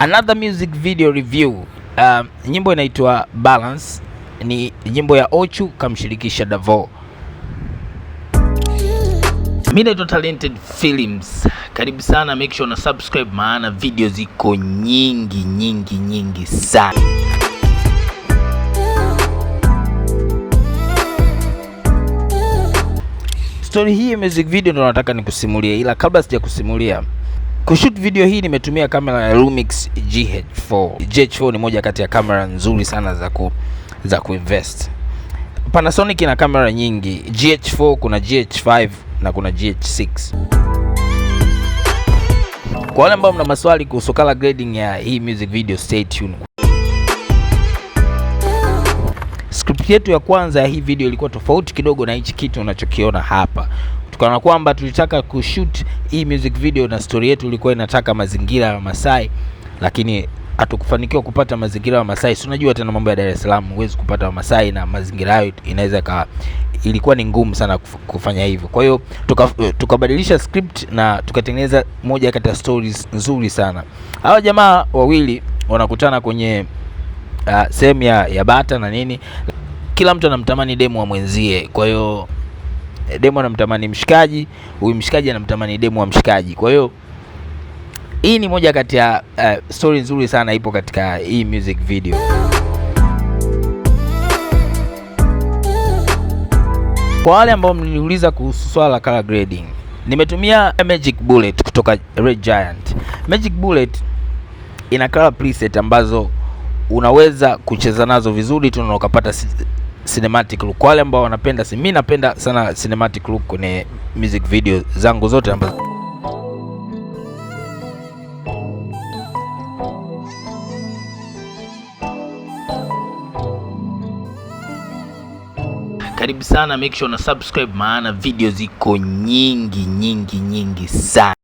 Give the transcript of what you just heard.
another music video review. Um, nyimbo inaitwa Balance, ni nyimbo ya Ochu kamshirikisha Davo. mi naitwa Talented Films. Karibu sana, make sure na subscribe maana video ziko nyingi nyingi nyingi sana. Story hii ya music video ndo nataka nikusimulia, ila kabla sija kusimulia Kushoot video hii nimetumia kamera ya Lumix GH4. GH4 ni moja kati ya kamera nzuri sana za ku, za kuinvest. Panasonic ina kamera nyingi, GH4, kuna GH5 na kuna GH6. Kwa wale ambao mna maswali kuhusu color grading ya hii music video, stay tuned. Script yetu ya kwanza ya hii video ilikuwa tofauti kidogo na hichi kitu unachokiona hapa kutokana kwamba tulitaka kushoot hii music video na story yetu ilikuwa inataka mazingira ya Masai, lakini hatukufanikiwa kupata mazingira ya Masai. Si unajua tena mambo ya Dar es Salaam, huwezi kupata Masai na mazingira hayo inaweza ka, ilikuwa ni ngumu sana kufanya hivyo. Kwa hiyo tukabadilisha tuka script na tukatengeneza moja kati ya stories nzuri sana. Hawa jamaa wawili wanakutana kwenye uh, sehemu ya, ya bata na nini, kila mtu anamtamani demu wa mwenzie, kwa hiyo demu anamtamani mshikaji, huyu mshikaji anamtamani demu wa mshikaji. Kwa hiyo hii ni moja kati ya uh, story nzuri sana ipo katika hii music video. Kwa wale ambao mliniuliza kuhusu swala la color grading, nimetumia Magic Bullet kutoka Red Giant. Magic Bullet ina color preset ambazo unaweza kucheza nazo vizuri tu na ukapata cinematic look. Kwa wale ambao wanapenda, si mimi napenda sana cinematic look kwenye music video zangu zote ambazo Karibu sana, make sure una subscribe maana video ziko nyingi nyingi nyingi sana.